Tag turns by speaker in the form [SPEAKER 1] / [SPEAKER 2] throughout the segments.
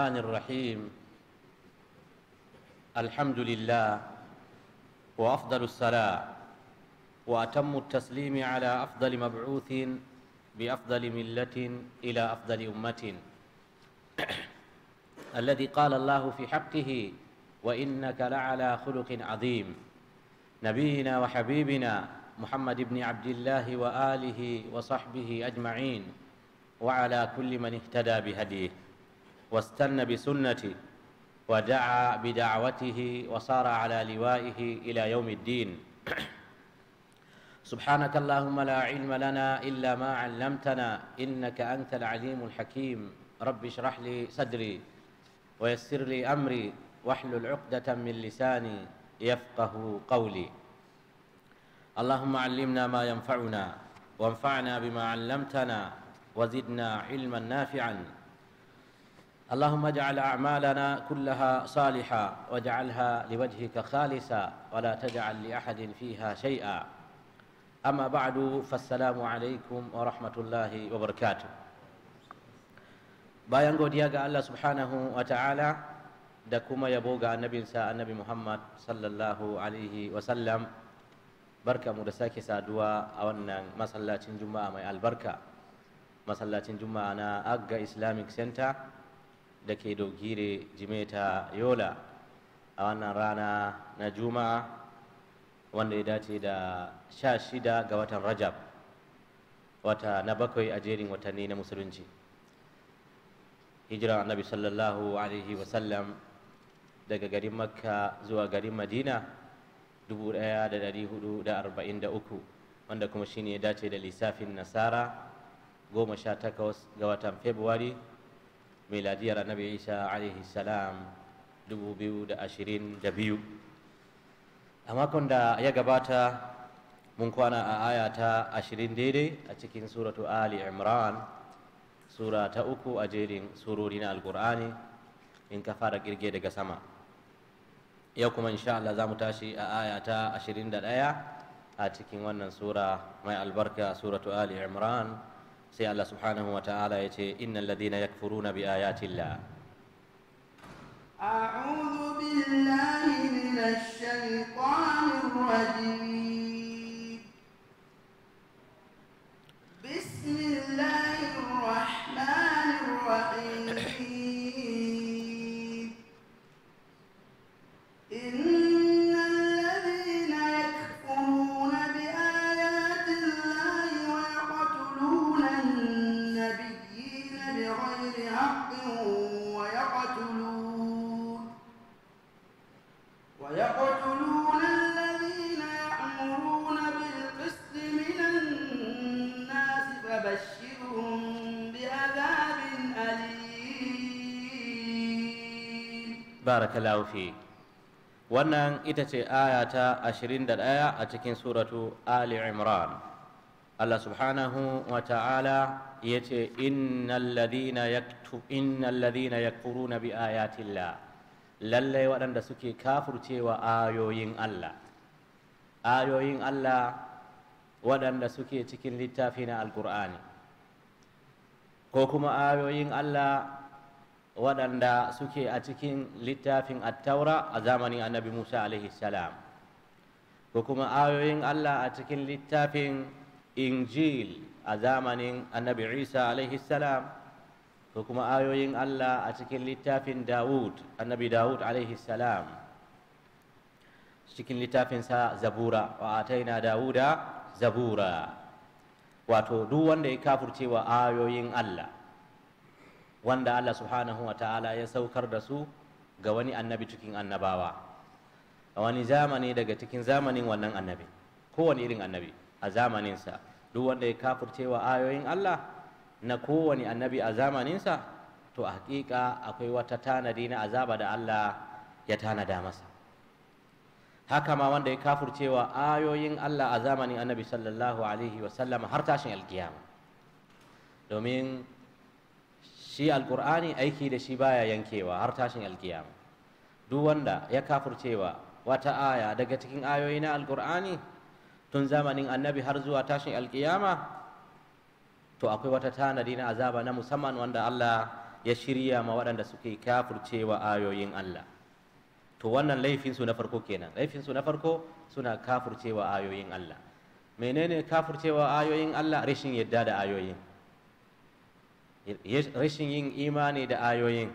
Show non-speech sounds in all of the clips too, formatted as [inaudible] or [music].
[SPEAKER 1] الرحمن الرحيم الحمد لله وأفضل الصلاة وأتم التسليم على أفضل مبعوث بأفضل ملة إلى أفضل أمة [clears throat] الذي قال الله في حقه وإنك لعلى خلق عظيم نبينا وحبيبنا محمد بن عبد الله وآله وصحبه أجمعين وعلى كل من اهتدى بهديه واستن بسنته ودعا بدعوته وصار على لوائه إلى يوم الدين سبحانك اللهم لا علم لنا إلا ما علمتنا إنك أنت العليم الحكيم رب اشرح لي صدري ويسر لي أمري واحلل عقدة من لساني يفقه قولي اللهم علمنا ما ينفعنا وانفعنا بما علمتنا وزدنا علما نافعا اللهم اجعل أعمالنا كلها صالحة واجعلها لوجهك خالصة ولا تجعل لأحد فيها شيئا أما بعد فالسلام عليكم ورحمة الله وبركاته bayan godiya ga Allah subhanahu wa ta'ala da kuma yabo ga annabinsa annabi Muhammad sallallahu alaihi wa sallam barka mu da sake saduwa a wannan masallacin juma'a mai albarka masallacin juma'a na Agga Islamic Center da ke dogire jimeta yola a wannan rana na juma'a wanda ya dace da sha shida ga watan rajab wata na bakwai a jerin watanni na musulunci hijira annabi sallallahu alaihi wasallam daga garin makka zuwa garin madina 1443 wanda kuma shine ya dace da lissafin nasara goma sha 18 ga watan februari miladiyar annabi isa alaihi salam dubu biyu da ashirin da biyu a makon da ya gabata mun kwana a ayata ta ashirin daidai a cikin suratu ali imran sura ta uku a jerin surori na alkur'ani in ka fara kirge daga sama yau kuma insha Allah za mu tashi a aya ashirin da ɗaya a cikin wannan sura mai albarka suratu ali imran سي الله سبحانه وتعالى يتي إن الذين يكفرون بآيات الله
[SPEAKER 2] أعوذ بالله من الشيطان الرجيم بسم الله الرحمن الرحيم
[SPEAKER 1] barakallahu wannan ita ce aya ta 21 a cikin suratu ali imran Allah subhanahu wa ta'ala ya ce innal ladina yaktu innal yakfuruna bi ayatillah lallai waɗanda suke kafurcewa ayoyin Allah ayoyin Allah waɗanda suke cikin littafi na alkur'ani ko kuma ayoyin Allah waɗanda suke a cikin littafin attaura a zamanin annabi musa alaihi salam ko kuma ayoyin allah a cikin littafin injil a zamanin annabi isa alaihi salam ko kuma ayoyin allah a cikin littafin dawud annabi dawud alaihi salam cikin littafinsa zabura wa ataina dawuda zabura wato duk wanda ya kafurcewa ayoyin allah wanda Allah subhanahu wa ta'ala ya saukar da su ga wani annabi cikin annabawa a wani zamani daga cikin zamanin wannan annabi kowane irin annabi a zamaninsa duk wanda ya kafircewa ayoyin Allah na kowane annabi a zamaninsa to a hakika akwai wata tanadi na azaba da Allah ya tanada masa haka ma wanda ya kafircewa ayoyin Allah a zamanin annabi sallallahu alaihi wasallam har tashin alkiyama domin shi alkur'ani aiki da shi baya yankewa har tashin alkiyama duk wanda ya kafurcewa wata aya daga cikin ayoyi na alkur'ani tun zamanin annabi har zuwa tashin alkiyama to akwai wata tanadi na azaba na musamman wanda Allah ya shirya ma waɗanda suke kafurcewa ayoyin Allah to wannan laifinsu na farko kenan laifinsu na farko suna kafurcewa ayoyin Allah menene kafurcewa ayoyin Allah rashin yadda da ayoyin rashin yin imani da ayoyin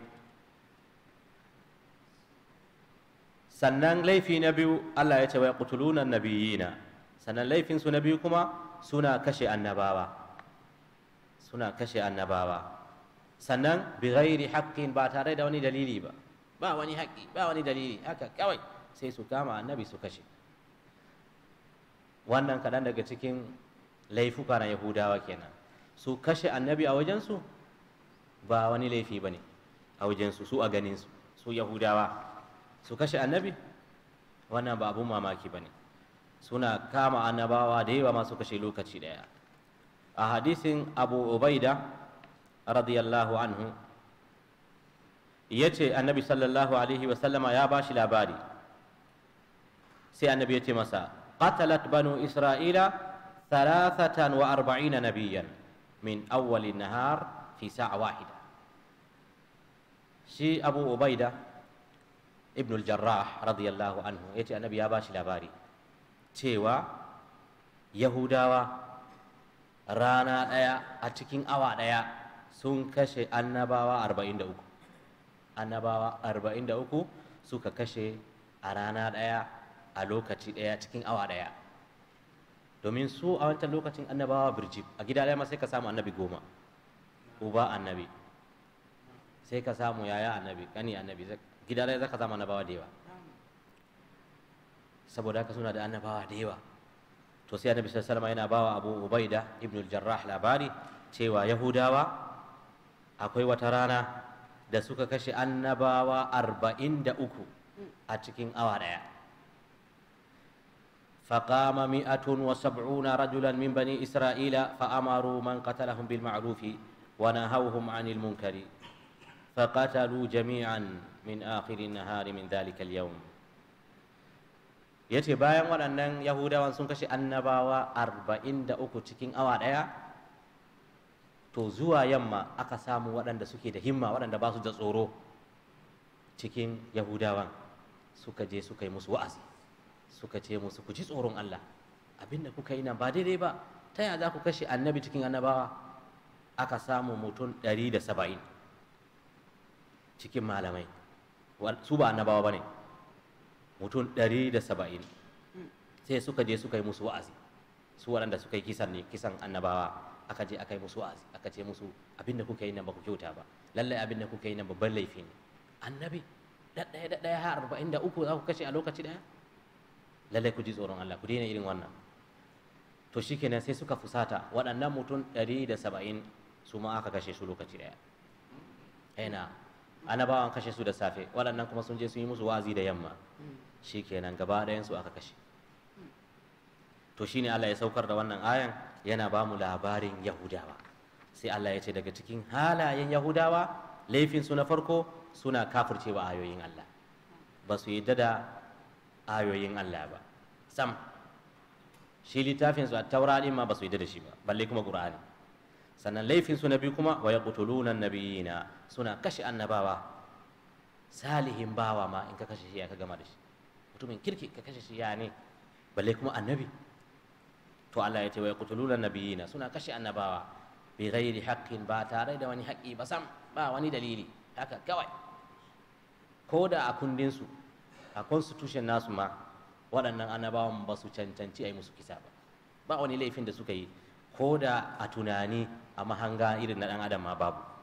[SPEAKER 1] sannan laifi na biyu Allah ya ce wa yaqtuluna nabiyina sannan laifin su na biyu kuma suna kashe annabawa suna kashe annabawa sannan bi ghairi haqqin ba tare da wani dalili ba ba wani haƙƙi ba wani dalili haka kawai sai su kama annabi su kashe wannan kaɗan daga cikin laifuka na yahudawa kenan su kashe annabi a wajensu ba wani laifi ba ne a wajensu su a ganinsu su yahudawa su kashe annabi wannan ba abun mamaki ba ne suna kama annabawa da yawa masu kashe lokaci ɗaya a hadisin abu ubaida radiyallahu anhu ya ce annabi sallallahu alaihi wasallama ya ba shi labari sai annabi ya ce masa qatalat banu isra'ila thalathatan wa arba'ina nabiyan min awwalin nahar fi sa'a wahida shi abu ubaida ibnul jarrah radiyallahu anhu yace annabi ya shi labari cewa yahudawa rana ɗaya a cikin awa ɗaya sun kashe annabawa 43 annabawa 43 suka kashe a rana ɗaya a lokaci ɗaya cikin awa ɗaya domin su a wancan lokacin annabawa birji a gida ɗaya ma sai ka samu annabi goma uba annabi sai ka samu yaya annabi kani annabi gida ɗaya zaka samu annabawa da yawa saboda haka suna da annabawa da yawa to sai annabi sallallahu alaihi yana bawa Abu Ubaida ibn al-Jarrah labari cewa Yahudawa akwai wata rana da suka kashe annabawa arba'in da uku a cikin awa daya فقام مئة وسبعون رجلا من بني إسرائيل فأمروا من قتلهم بالمعروف ونهوهم عن المنكر فقتلوا jami'an min akhirin nahari min dhalika yace bayan waɗannan yahudawan sun kashe annabawa arba'in da uku cikin awa ɗaya to zuwa yamma aka samu waɗanda suke da himma waɗanda basu da tsoro cikin yahudawan suka je suka yi musu wa'azi suka ce musu ku ji tsoron Allah abinda kuka yi nan ba daidai ba ta yaya za ku kashe annabi cikin annabawa aka samu mutum ɗari da saba'in cikin malamai su ba annabawa ba ne mutum dari da saba'in sai suka je suka yi musu wa'azi su waɗanda suka yi kisan ne kisan annabawa aka je aka yi musu wa'azi aka ce musu abinda kuka yi nan ba ku kyauta ba lallai abinda kuka yi nan babban laifi ne annabi daɗaya daɗaya har arba'in da uku za ku kashe a lokaci ɗaya lallai ku ji tsoron Allah ku daina irin wannan to shikenan sai suka fusata waɗannan mutum dari da saba'in su ma aka kashe su lokaci ɗaya yana annabawan kashe su da safe waɗannan kuma sun je sun yi musu wazi da yamma mm. shikenan gaba ɗayan su aka kashe to shine Allah ya saukar da wannan ayan yana ba mu labarin yahudawa sai Allah ya ce daga cikin halayen yahudawa laifin su na farko suna kafircewa ayoyin Allah ba su yadda da ayoyin Allah ba sam shi littafin su a taura ma ba su yadda da shi ba balle kuma qur'ani sannan laifin su na biyu kuma wa yaqtuluna nabiyina suna kashe annabawa salihin bawa ma in ka kashe shi ya ka gama da shi mutumin kirki ka kashe shi ya ne balle kuma annabi to Allah ya ce wa yaqtuluna nabiyina suna kashe annabawa bi ghairi haqqin ba tare da wani haƙƙi ba sam ba wani dalili haka kawai ko da a kundin su a constitution nasu ma waɗannan annabawan ba su cancanci a yi musu kisa ba ba wani laifin da suka yi ko da a tunani a mahanga irin na ɗan adam ma babu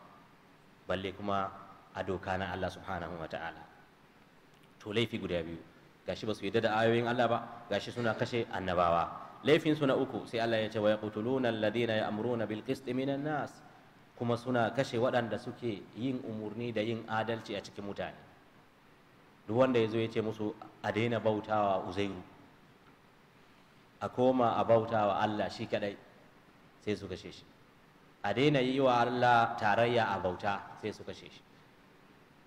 [SPEAKER 1] balle kuma a doka na Allah subhanahu wa ta'ala to laifi guda biyu gashi ba su yadda da ayoyin Allah ba gashi suna kashe annabawa laifin su na uku sai Allah ya ce wa yaqtuluna alladhina ya'muruna bil qist minan nas kuma suna kashe waɗanda suke yin umurni da yin adalci a cikin mutane duk wanda ya zo ya ce musu a daina bautawa uzairu a koma a bautawa Allah shi kadai sai su kashe shi a daina yi wa Allah tarayya a bauta sai su kashe shi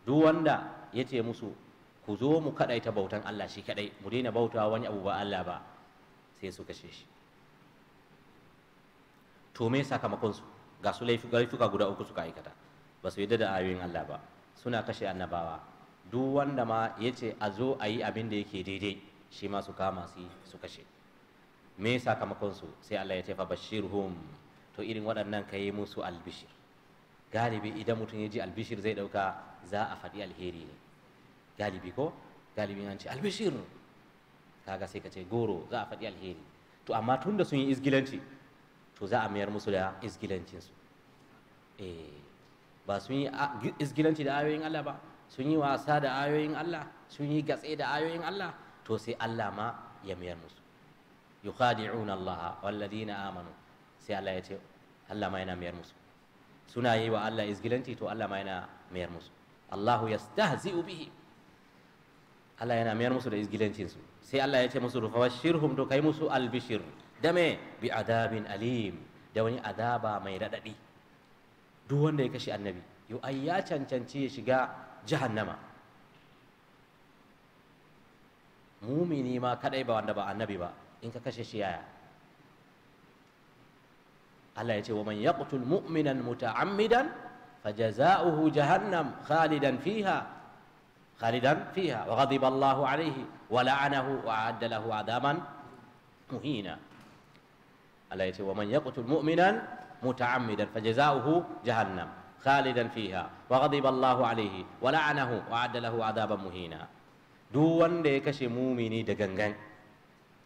[SPEAKER 1] duk wanda ya ce musu ku zo mu ta bautan Allah shi kaɗai mu daina bauta wani abu ba Allah ba sai su kashe shi to me sakamakon su ga su laifuka guda uku suka aikata ba su yadda da ayoyin Allah ba suna kashe annabawa duk wanda ma ya ce a zo a yi abin da yake daidai shi ma su kama su kashe me sakamakon su sai Allah ya tafa bashiruhum to irin waɗannan ka yi musu albishir galibi idan mutum ya ji albishir zai ɗauka za a faɗi alheri ne galibi ko galibi an ce albishir kaga sai ka ce goro za a faɗi alheri to amma tun da sun yi izgilanci to za a mayar musu da izgilancinsu eh ba sun yi ah, izgilanci da ayoyin Allah ba sun yi wasa da ayoyin Allah sun yi gatse da ayoyin Allah to sai Allah ma ya mayar musu yukhadi'una Allah ladina amanu sai Allah ya ce Allah ma yana mayar musu suna yi wa Allah izgilanci to Allah ma yana mayar musu Allahu yastahzi'u bihi Allah yana mayar musu da izgilancin su sai Allah ya ce musu rufawashirhum to kai musu albishir dame bi adabin alim da wani adaba mai radadi duk wanda ya kashe annabi yau ai ya cancanci ya shiga jahannama mumini ma kadai ba wanda ba annabi ba in ka kashe shi yaya Allah ya ce wa man yaqtul mu'minan muta'ammidan fajaza'uhu jahannam khalidan fiha khalidan fiha wa ghadiba Allahu alayhi wa la'anahu wa adda lahu adaban muhina Allah ya ce wa man yaqtul mu'minan muta'ammidan fajaza'uhu jahannam khalidan fiha wa ghadiba Allahu alayhi wa la'anahu wa adda lahu adaban muhina duk wanda ya kashe mumini da gangan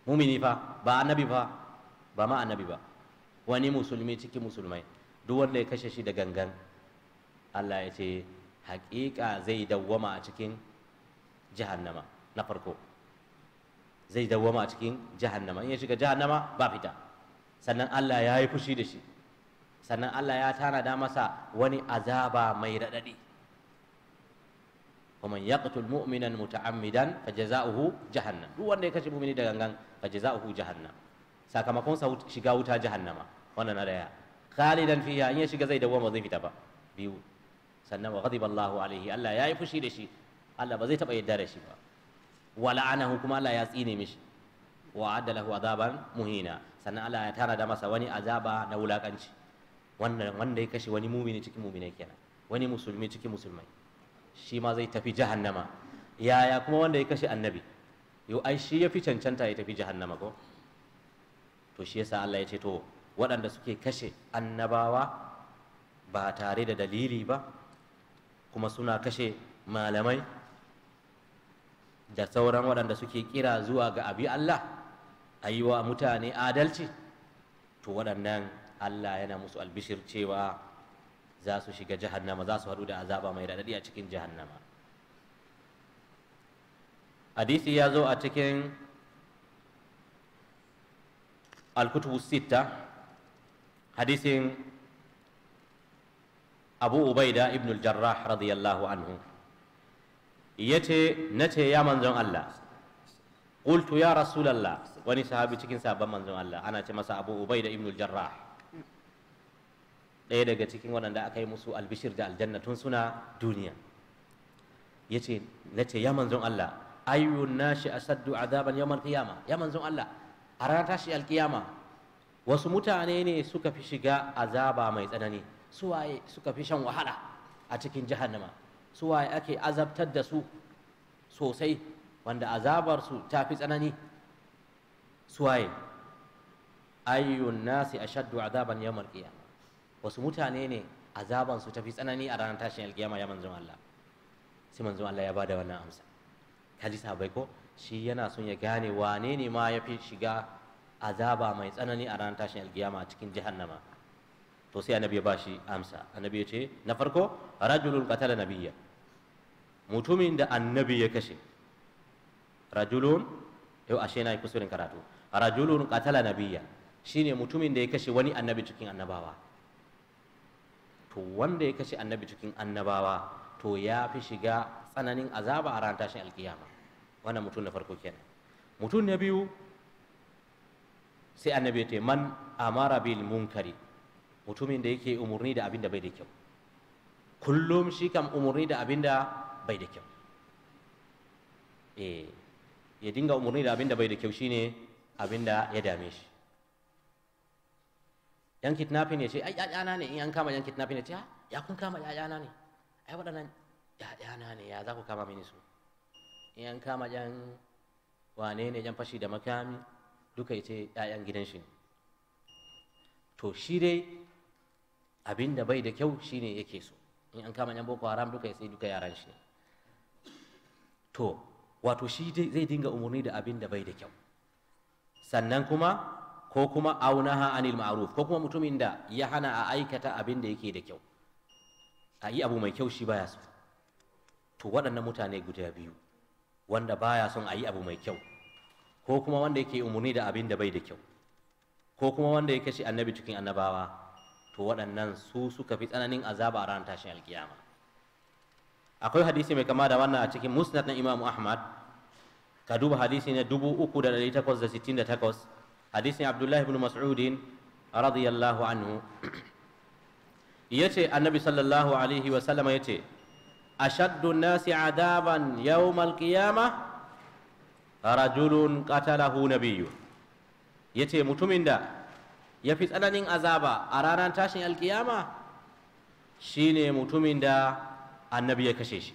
[SPEAKER 1] mumini fa ba annabi fa ba ma annabi ba wani musulmi cikin musulmai duk wanda ya kashe shi da gangan Allah ya ce haƙiƙa zai dawwama a cikin jahannama na farko zai dawwama a cikin jahannama in ya shiga jahannama ba fita sannan Allah ya yi fushi da shi sannan Allah ya tanada masa wani azaba mai raɗaɗi ومن يقتل مؤمنا متعمدا فجزاؤه جهنم duk wanda ya kashe mu'mini da gangan fajza'uhu jahannam sakamakon sa shiga wuta jahannama wannan na daya khalidan fiha in ya shiga zai dawoma zai fita ba biyu sannan wa ghadiba Allahu alaihi Allah yayi fushi da shi Allah ba zai taba yadda da shi ba wa la'anahu kuma Allah ya tsine mishi wa adalahu azaban muhina sannan Allah ya tara da masa wani azaba na wulakanci wannan wanda ya kashe wani mumini cikin muminai kenan wani musulmi cikin musulmai shi ma zai tafi jahannama yaya kuma wanda ya kashe annabi yau ai shi ya fi cancanta ya tafi jahannama ko to shi yasa Allah ya ce to waɗanda suke kashe annabawa ba tare da dalili ba kuma suna kashe malamai da sauran waɗanda suke kira zuwa ga abi Allah a yi wa mutane adalci to waɗannan Allah yana musu albishir cewa za su shiga jahannama za su haɗu da azaba mai raɗaɗi a cikin jahannama hadisi ya zo a cikin alkutubu sita hadisin abu ubaida ibn jarrah radiyallahu anhu yace nace ya manzon Allah qultu ya rasulallah wani sahabi cikin sabon manzon Allah ana ce masa abu ubaida ibn jarrah ɗaya daga cikin waɗanda aka yi musu albishir da aljanna tun suna duniya yace nace ya manzon Allah ayyun nashi asaddu azaban yawmal qiyama ya manzon Allah a ranar tashi alkiyama wasu mutane ne suka fi shiga azaba mai tsanani suwaye suka fi shan wahala a cikin jahannama suwaye ake azabtar da su sosai wanda azabarsu ta fi tsanani suwaye ayyun nasi ashaddu azaban yawmal qiyama wasu mutane ne su ta fi tsanani a ranar tashin alkiyama ya manzon Allah sai manzon Allah ya bada wannan amsa kalisa bai ko shi yana son ya gane wane ne ma ya fi shiga azaba mai tsanani a ranar tashin alkiyama cikin jahannama to sai annabi ya bashi amsa annabi ya ce na farko rajulun qatala nabiyya mutumin da annabi ya kashe rajulun yau ashe na yi kusurin karatu rajulun qatala nabiyya shine mutumin da ya kashe wani annabi cikin annabawa to wanda ya kashe annabi cikin annabawa to ya fi shiga tsananin azaba a ranar tashin alkiyama wannan mutum na farko kenan mutum na biyu sai annabi ce man amara bil munkari mutumin da yake umurni da abin da bai da kyau kullum shi kam umurni da abin da bai da kyau eh ya dinga umurni da abin da bai da kyau shine abin da ya dame shi yan kidnapping ya ce ai yayana ne in an kama yan kidnapping ya ce ah, ya kun kama yayana ne ai waɗannan yayana ne ya za ku kama mini su in an kama yan wane ne yan fashi da makami duka ita 'ya'yan gidan shi to shi dai abin da bai da kyau shine yake so in an kama yan boko haram duka sai duka yaran shi to wato shi zai dinga umarni da abin da bai da kyau sannan kuma ko kuma aunaha anil ma'ruf ko kuma mutumin da ya hana a aikata abin da yake da kyau a yi abu mai kyau shi baya so to waɗannan mutane guda biyu wanda baya son a yi abu mai kyau ko kuma wanda yake umarni da abin da bai da kyau ko kuma wanda ya kashe annabi cikin annabawa to waɗannan su suka fi tsananin azaba a ranar tashin alkiyama akwai hadisi mai kama da wannan a cikin musnad na imamu ahmad ka duba hadisi na 3868 hadisin abdullahi ibn mas'udin radiyallahu anhu [clears throat] yace annabi sallallahu alaihi wa sallama yace ashaddu nasi adaban yawmal qiyamah rajulun qatalahu nabiyyu yace mutumin da ya fi tsananin azaba a ranar tashin alkiyama shine mutumin da annabi ya kashe shi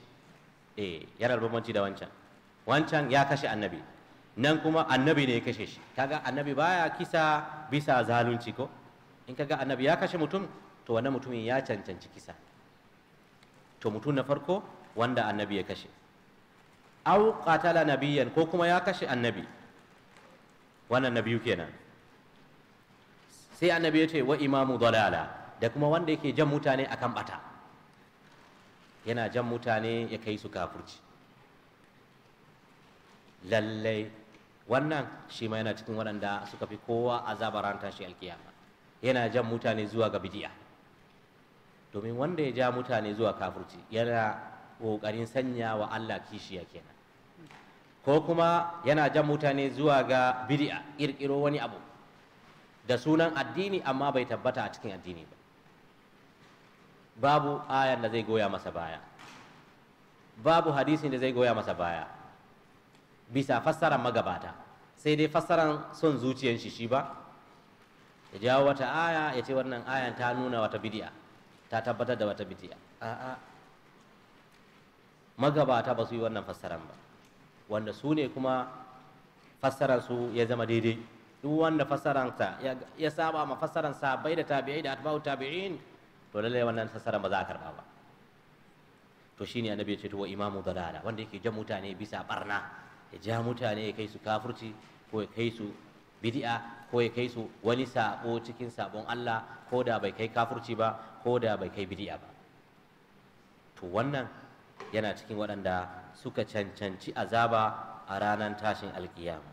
[SPEAKER 1] eh yana bambanci da wancan wancan ya kashe annabi nan kuma annabi ne ya kashe shi kaga annabi baya kisa bisa zalunci ko in kaga annabi ya kashe mutum to wannan mutumin ya cancanci kisa to mutum na farko wanda annabi ya kashe au qatala nabiyan ko kuma ya kashe annabi wannan nabiyu kenan sai annabi ya ce wa imamu dalala da kuma wanda yake jan mutane akan bata yana jan mutane ya kai su kafurci lallai wannan shi ma yana cikin waɗanda suka fi kowa azabar ran tashi alkiyama yana jan mutane zuwa ga bidiya domin wanda ya ja mutane zuwa kafurci yana ƙoƙarin sanya wa Allah kishiya kenan ko kuma yana jan mutane zuwa ga bid'a kirkiro wani abu da sunan addini amma bai tabbata a cikin addini ba babu ayan da zai goya masa baya babu hadisin da zai goya masa baya bisa fassara magabata sai dai fassaran son zuciyar shi shi ba ya jawo wata aya ya ce wannan ayan ta nuna wata bidi'a ta tabbatar da wata bidi'a a'a magabata ba su yi wannan fassaran ba wanda su ne kuma fassararsu ya zama daidai duk wanda fassararsa ya saba ma fassarar sabai da tabi'ai da atba'u tabi'in to lalle wannan fassarar ba za a karba ba to shine annabi ya ce to imamu dalala wanda yake jan mutane bisa barna ya ja mutane ya kai su kafirci ko ya kai su bid'a ko ya kai su wani sabo cikin sabon Allah ko da bai kai kafirci ba ko da bai kai bid'a ba to wannan yana cikin waɗanda suka cancanci azaba a ranar tashin alkiyama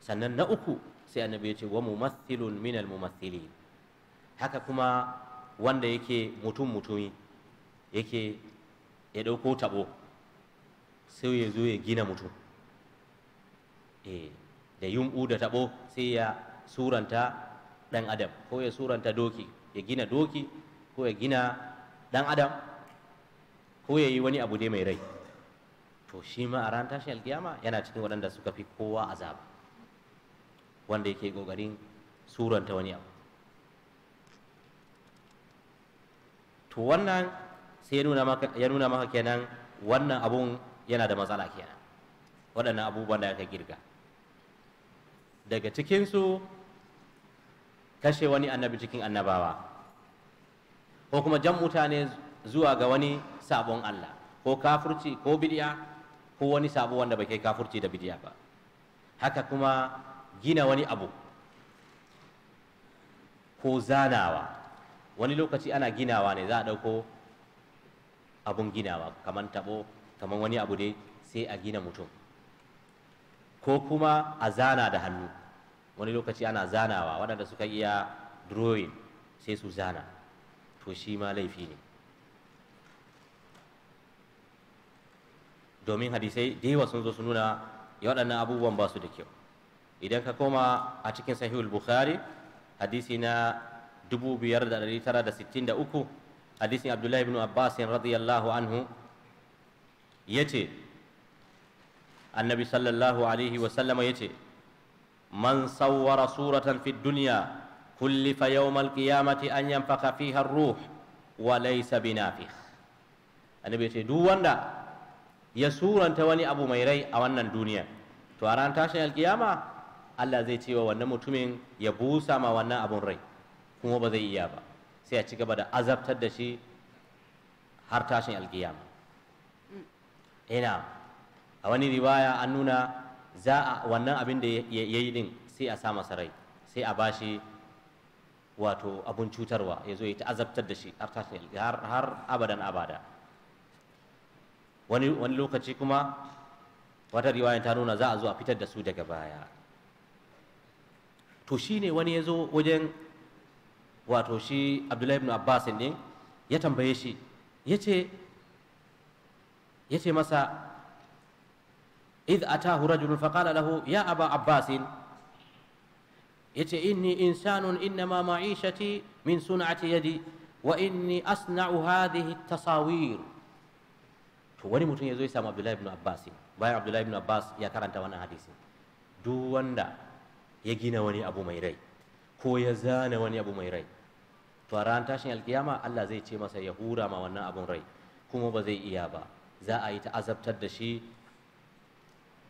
[SPEAKER 1] sannan na uku sai annabi ya ce wa mumathilun minal almumathili haka kuma wanda yake mutum mutumi yake ya ɗauko taɓo sai ya zo ya gina mutum eh, da yumɓu da taɓo sai ya suranta ɗan adam ko ya suranta doki ya gina doki ko ya gina ɗan adam ko ya yi wani abu dai mai rai to shi ma a ran tashin alkiyama yana cikin waɗanda suka fi kowa azaba wanda yake ƙoƙarin suranta wani abu to wannan sai ya nuna maka kenan wannan abun yana da matsala kenan waɗannan abubuwan da aka girga daga cikinsu kashe wani annabi cikin annabawa ko kuma jan mutane zuwa ga wani sabon Allah ko kafirci ko bidiya ko wani sabo wanda bai kai kafirci da bidiya ba haka kuma gina wani abu ko zanawa wani lokaci ana ginawa ne za a ɗauko abun ginawa kamar taɓo kamar wani abu dai sai a gina mutum ko kuma a zana da hannu wani lokaci ana zanawa waɗanda suka iya drawing sai su zana to shi ma laifi ne domin hadisai da yawa sun zo su nuna ya waɗannan abubuwan ba su da kyau idan ka koma a cikin sahihul bukhari hadisi na 5963 hadisin abdullahi ibn abbas radiyallahu anhu yace annabi sallallahu alaihi wa sallama yace man sawwara suratan fid dunya كلف يوم القيامة أن ينفخ فيها الروح وليس بنافخ annabi yace دو wanda. ya suranta wani abu mai rai a wannan duniya to a ran tashin alkiyama Allah zai ce wa wannan mutumin ya busa ma wannan abun rai kuma ba zai iya ba sai a ci gaba da azabtar da shi har tashin alkiyama ina a wani riwaya an nuna za a wannan abin da ya yi din sai a sa masa rai sai a bashi wato abun cutarwa ya zo ya ta azabtar da shi har abadan abada wani wani lokaci kuma wata riwaya ta nuna za a zo a fitar da su daga baya to shi ne wani ya zo wajen wato shi abdullahi ibn abbas din ya tambaye shi ya ce masa إذ أتاه رجل فقال له يا أبا عباس يتي إني إنسان إنما معيشتي من صنعة يدي وإني أصنع هذه التصاوير to wani mutum ya zo ya samu abdullahi ibn abbas bayan abdullahi ibn abbas ya karanta wannan hadisi duk wanda ya gina wani abu mai rai ko ya zana wani abu mai rai to a ran tashin alkiyama Allah zai ce masa ya hura ma wannan abun rai kuma ba zai iya ba za a yi ta azabtar da shi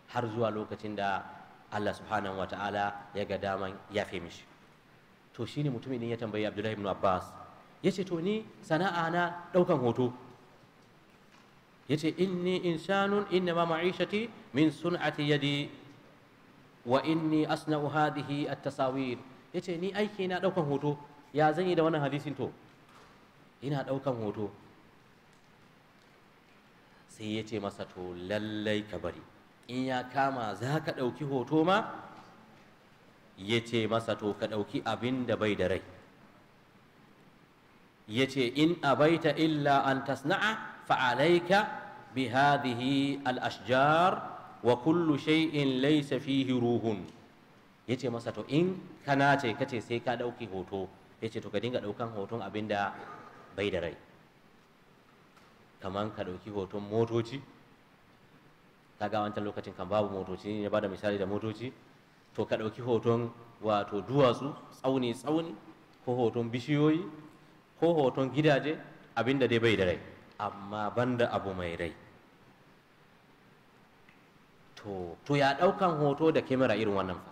[SPEAKER 1] har zuwa lokacin da Allah subhanahu ta'ala ya ga dama ya fi mishi to shi shine mutumin ya tambayi Abdullahi ibn Abbas ya ce to ni sana'a na ɗaukan hoto yace inni insanun inna ma ma'ishati min sun'ati yadi wa inni asna'u hadhihi at-tasawir yace ni aiki na daukan hoto ya zan yi da wannan hadisin to ina daukan hoto sai yace masa to lallai ka bari in ya kama za ka ɗauki hoto ma ya ce masa to ka ɗauki abin da bai da rai ya ce in abaita illa an tasna'a fa'alaika bihadihi al-ashjar wa kullu shay'in laysa fihi ruhun yace masa to in kana ce kace sai ka dauki hoto yace to ka dinga daukan hoton abinda bai da rai kaman ka dauki hoton motoci ga wancan lokacin kan babu motoci ne ba da misali da motoci to ka dauki hoton wato duwatsu tsauni tsauni ko hoton bishiyoyi ko hoton gidaje abinda dai bai da rai amma banda abu mai rai to to ya ɗaukan hoto da kamera irin wannan fa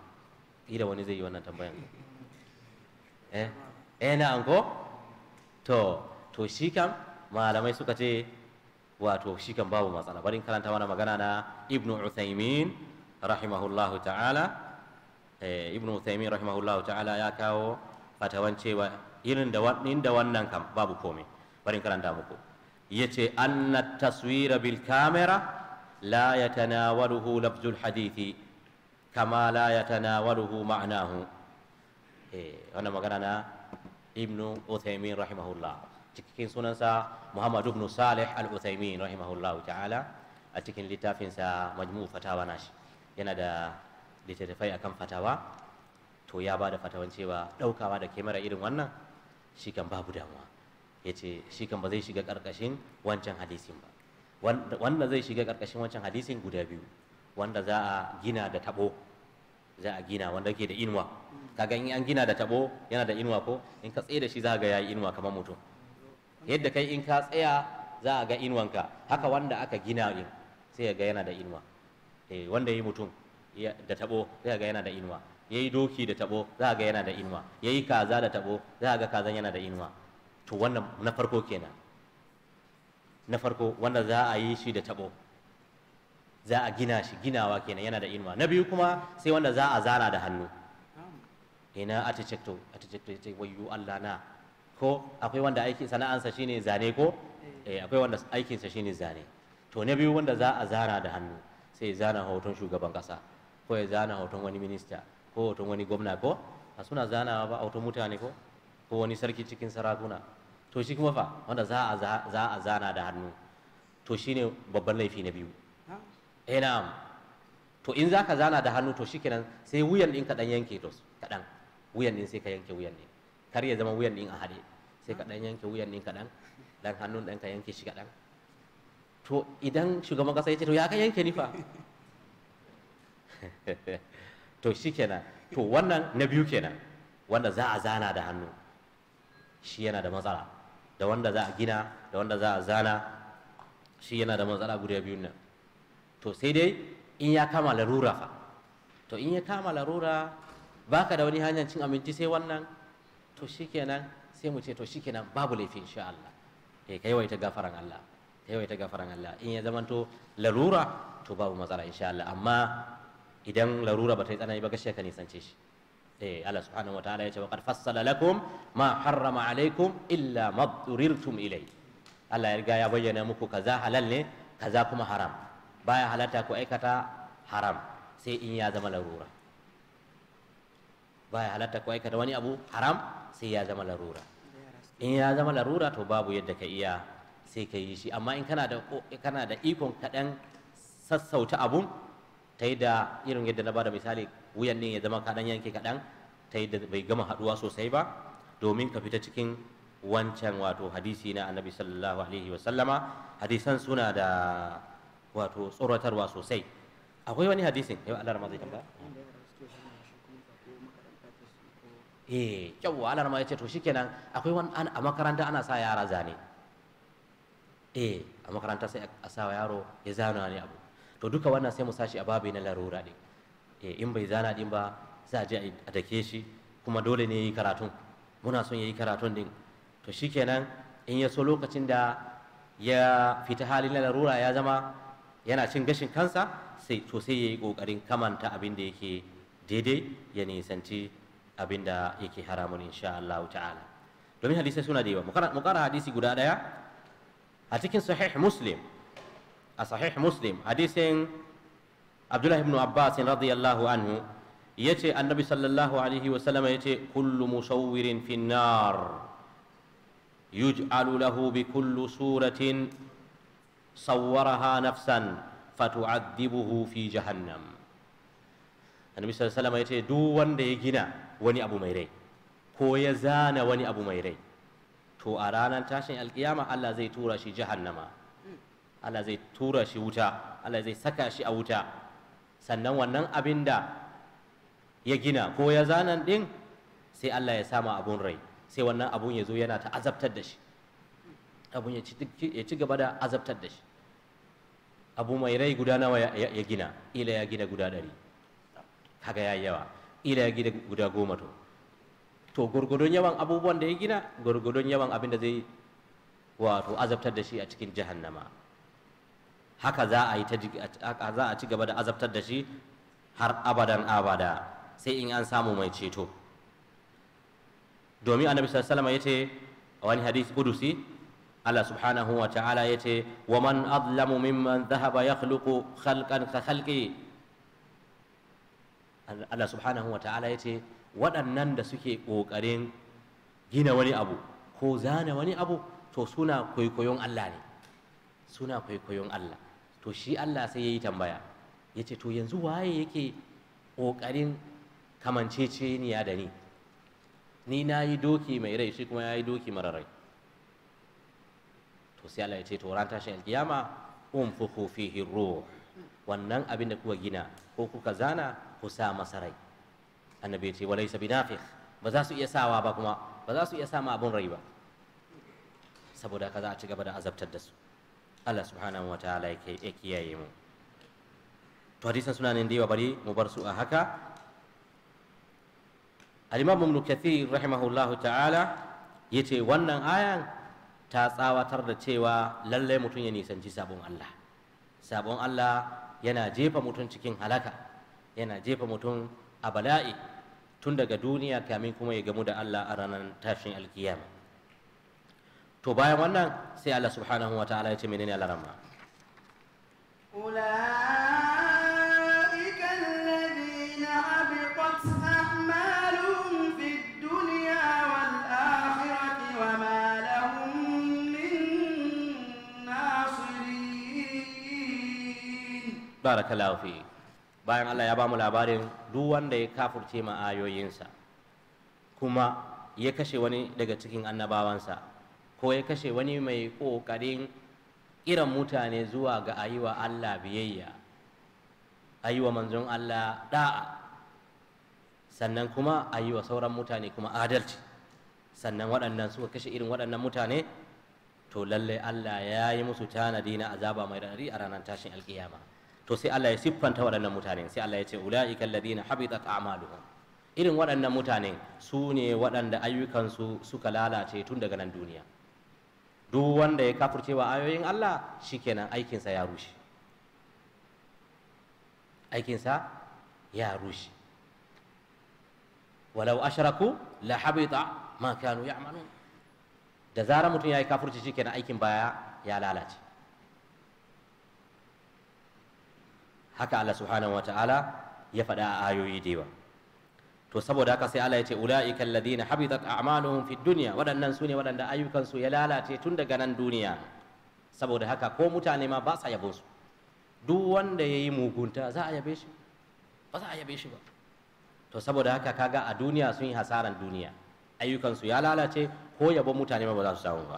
[SPEAKER 1] ida wani zai yi wannan tambayan eh eh na anko to to shi kam malamai suka ce wato shi kan babu matsala bari karanta mana magana na ibnu uthaymin rahimahullahu ta'ala eh, ibnu uthaymin rahimahullahu ta'ala ya kawo fatawan cewa irin da wannan kam babu komai bari karanta muku yace anna taswira bil kamera la yatanawaluhu lafzul hadithi kama la yatanawaluhu ma'nahu eh magana na ibnu uthaymin rahimahullah cikin sunansa muhammad ibn salih al uthaymin rahimahullah ta'ala a cikin littafinsa majmu fatawa nashi yana da littattafai akan fatawa to ya ba da fatawan cewa ɗaukawa da kemara irin wannan shi kan babu damuwa ya ce shi kan ba zai shiga ƙarƙashin wancan hadisin ba wanda zai shiga ƙarƙashin wancan hadisin guda biyu wanda za a gina da taɓo za a gina wanda ke da inuwa kaga in an gina da taɓo yana da inuwa ko in ka tsaye da shi za ga yayi inuwa kamar mutum yadda kai in ka tsaya za a ga inuwanka haka wanda aka gina in sai ga yana da inuwa eh wanda yi mutum da taɓo sai ga yana da inuwa yayi doki da taɓo za ga yana da inuwa yayi kaza da taɓo za ga kazan yana da inuwa to wannan na farko kenan na farko wanda za a yi shi da tabo za a gina shi ginawa kenan yana da inuwa na biyu kuma sai wanda za a zana da hannu ina architecto architecto ya ce wayo Allah na ko akwai wanda aiki sana'ansa shine zane ko eh. eh akwai wanda aikinsa shine zane to na biyu wanda za a zana da hannu sai zana hoton shugaban kasa ko ya zana hoton wani minista ko hoton wani gwamna ko a suna zanawa ba hoton mutane ko ko wani sarki cikin sarakuna to shi kuma fa wanda za a za a zana da hannu to shine babban laifi na biyu eh na'am to in zaka zana da hannu to shikenan sai wuyan din ka dan yanke to kadan wuyan din sai ka yanke wuyan din kar ya zama wuyan din a hade sai ka dan yanke wuyan din kadan dan hannun dan ka yanke shi kadan to idan shugaban kasa ya ce to ya ka yanke ni fa [laughs] to shikenan to wannan na biyu kenan wanda za a zana da hannu shi yana da matsala da wanda za a gina da wanda za a zana shi yana da matsala guda biyun nan to sai dai in ya kama larura fa to in ya kama larura baka da wani hanyar cin aminci sai wannan to shikenan sai mu ce to shikenan babu laifi insha Allah eh kai wai ta gafaran Allah kai wai ta gafaran Allah in ya zaman to larura to babu matsala insha Allah amma idan larura ba ta yi tsanani ba gashi ka nisance shi eh Allah subhanahu wataala ya ce waƙar qad fassala lakum ma harrama alaikum illa ma durirtum ilai Allah ya riga ya bayyana muku kaza halal ne kaza kuma haram baya halatta ku aikata haram sai in ya zama larura baya halatta ku aikata wani abu haram sai ya zama larura in ya zama larura to babu yadda ka iya sai ka yi shi amma in kana da kana da ikon kaɗan sassauta abun ta yi da irin yadda na bada misali wuyan ne ya zama kaɗan yanke kaɗan ta yi da bai gama haɗuwa sosai ba domin ka fita cikin wancan wato hadisi na annabi sallallahu alaihi wa sallama hadisan suna da wato tsoratarwa sosai akwai wani hadisin yau Allah rama zai eh kyau Allah rama ya ce to shikenan akwai wani a makaranta ana sa yara zane eh a makaranta sai a sa yaro ya zana ne abu to duka wannan sai mu sashi a babu na larura din Eh, in bai zana din ba za a je a dake shi kuma dole ne yi karatun muna son yi karatun din to kenan in ya so lokacin da ya fita halin na larura ya zama yana cin gashin kansa sai to sai yayi kokarin kamanta abin da yake daidai ya nisanci abin da yake haramun insha Allah ta'ala domin hadisai suna da yawa mu kara hadisi guda daya a cikin sahih muslim a sahih muslim hadisin abdullahi ibn abbas radiyallahu anhu yace annabi sallallahu alaihi wa sallama yace kullu musawwirin fi nar yuj'alu lahu bi kulli suratin sawwaraha nafsan fatu'adhibuhu fi jahannam annabi sallallahu alaihi wa yace duk wanda ya gina wani abu mai rai ko ya zana wani abu mai rai to a ranar tashin alkiyama Allah zai tura shi jahannama Allah zai tura shi wuta Allah zai saka shi a wuta sannan wannan abin da ya gina ko ya zanan ɗin sai Allah ya sama abun rai sai wannan abun ya zo yana ta azabtar da shi abun ya ci gaba da azabtar da shi abu mai rai guda nawa ya gina ila ya gina guda ɗari kaga ya yawa ila ya gina guda goma to to gurgudun yawan abubuwan da ya gina gurgudun yawan abin da zai wato azabtar da shi a cikin jahannama haka za a yi ta za a ci gaba da azabtar da shi har abadan abada sai in an samu mai ceto domin annabi sallallahu alaihi wasallam yace a wani hadisi kudusi Allah subhanahu wa ta'ala yace wa man azlamu mimman dhahaba yakhluqu khalqan ka khalqi Allah subhanahu wa ta'ala yace waɗannan da suke ƙoƙarin gina wani abu ko zana wani abu to suna kwaikwayon Allah ne suna kwaikwayon Allah to shi Allah sai ya yi tambaya ya ce to yanzu waye yake ƙoƙarin kamanceceniya da ni ni na yi doki mai rai shi kuma ya yi doki mara rai to sai Allah ya ce to ran tashin alkiyama fuku fihi ruh wannan abin da kuka gina ko kuka zana ku sa masa rai annabi ya ce walaysa binafiq ba za su iya sawa ba kuma ba za su iya sama abun rai ba saboda za a ci gaba da azabtar da su Allah subhanahu wa ta'ala ya kiyaye mu to hadisan suna ne da bari mu bar su a haka al-imam ibn kathir rahimahullahu ta'ala yace wannan ayan ta tsawatar da cewa lalle mutum ya nisanci sabon Allah sabon Allah yana jefa mutum cikin halaka yana jefa mutum a bala'i tun daga duniya kamin kuma ya gamu da Allah a ranar tashin alkiyama to bayan wannan sai Allah subhanahu wa ta'ala ya ce menene Allah ramma
[SPEAKER 2] أولئك الذين حبطت أعمالهم
[SPEAKER 1] bayan Allah ya ba mu labarin duk wanda ya kafurce ma ayoyinsa kuma ya kashe wani daga cikin annabawansa ko ya kashe wani mai ƙoƙarin kiran mutane zuwa ga ayiwa Allah biyayya ayiwa manzon Allah da'a sannan kuma ayiwa sauran mutane kuma adalci sannan waɗannan suka kashe irin waɗannan mutane to lalle Allah ya yi musu tanadi na azaba mai raɗaɗi a ranar tashin alkiyama to sai Allah ya siffanta waɗannan mutane sai Allah ya ce ula'ika alladhina habitat a'maluhum irin waɗannan mutane su ne waɗanda ayyukansu suka lalace tun daga nan duniya duk wanda ya wa ayoyin Allah shikenan aikinsa ya rushe aikinsa ya rushe walau ashraku la habita ma kanu ya'malu da zarar mutum ya yi kafurci shikenan aikin baya ya lalace haka Allah subhanahu wa ta'ala ya faɗa a ayoyi da yawa to saboda haka sai Allah ya ce ulaika alladhina habitat a'maluhum fid dunya waɗannan sune waɗanda ayyukan su ya lalace tun daga nan duniya saboda haka ko mutane ma ba sa yabo su duk wanda yayi mugunta za a yabe shi ba za a yabe shi ba to saboda haka kaga a duniya sun yi hasaran duniya ayyukan su ya lalace ko yabo mutane ma ba za su samu ba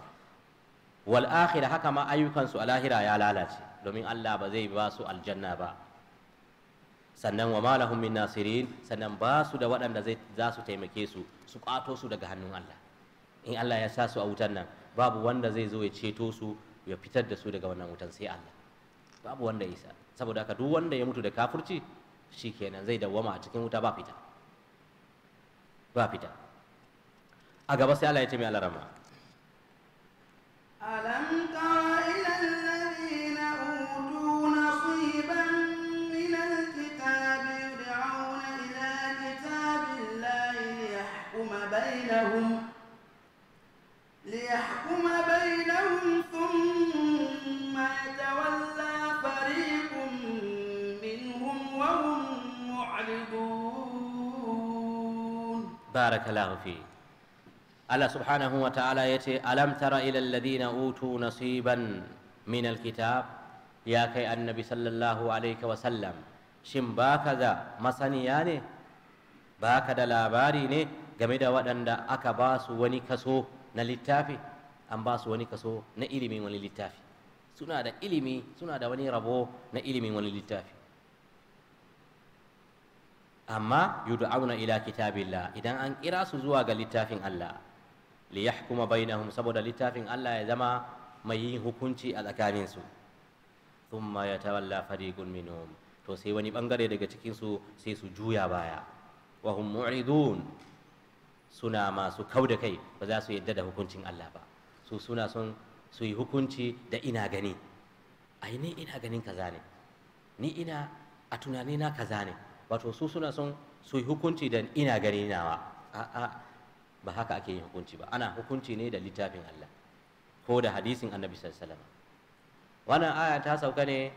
[SPEAKER 1] wal akhirah haka ma ayyukan su a lahira ya lalace domin Allah ba zai ba su aljanna ba sannan wa malahum min nasirin sannan ba su da waɗanda za su taimake su su ƙwato su daga hannun Allah in Allah ya sa su a wutan nan babu wanda zai zo ya ceto su ya fitar da su daga wannan wutan sai Allah babu wanda ya isa saboda haka duk wanda ya mutu da kafurci shikenan zai dawwama a cikin wuta ba fita ba fita a gaba sai Allah ya ce mai alarama
[SPEAKER 2] بينهم ليحكم بينهم ثم يتولى فريق منهم وهم معرضون
[SPEAKER 1] بارك الله فيك الله سبحانه وتعالى يتي ألم تر إلى الذين أوتوا نصيبا من الكتاب يا كي النبي صلى الله عليه وسلم شم باكذا مسنيانه باكذا لابارينه game da waɗanda aka ba su wani kaso na littafi an ba su wani kaso na ilimin wani littafi suna da ilimi suna da wani rabo na ilimin wani littafi amma yud'auna ila kitabillah idan an kira su zuwa ga littafin Allah bai na bainahum saboda littafin Allah ya zama mai yin hukunci a tsakaninsu. su ya yatawalla fariqun minhum to sai wani bangare daga cikin su sai su juya baya wa hum mu'ridun suna masu kau da kai ba za su yadda da hukuncin Allah ba su suna son su yi hukunci da ina gani ai ni ina ganin kaza ne ni ina a tunani na kaza ne wato su suna son su yi hukunci da ina gani nawa a'a ba haka ake yin hukunci ba ana hukunci ne da littafin Allah ko da hadisin Annabi sallallahu alaihi wasallam wannan aya ta sauka ne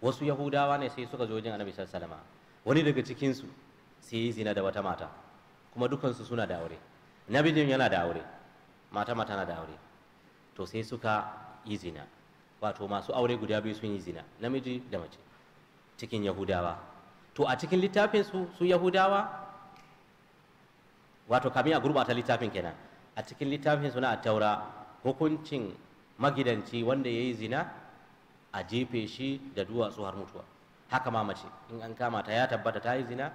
[SPEAKER 1] wasu Yahudawa ne sai suka zo wajen Annabi sallallahu alaihi wasallam wani daga cikin su sai yi zina da wata mata kuma dukansu suna da aure namijin yana da aure mata mata na da aure to sai suka yi zina wato masu aure guda biyu sun yi zina namiji da mace cikin yahudawa to a cikin littafin su su yahudawa wato kamin a gurbata littafin kenan a cikin littafin su na taura hukuncin magidanci wanda ya yi zina a jefe shi da duwatsu har mutuwa haka ma mace in an kama ta ya tabbata ta yi zina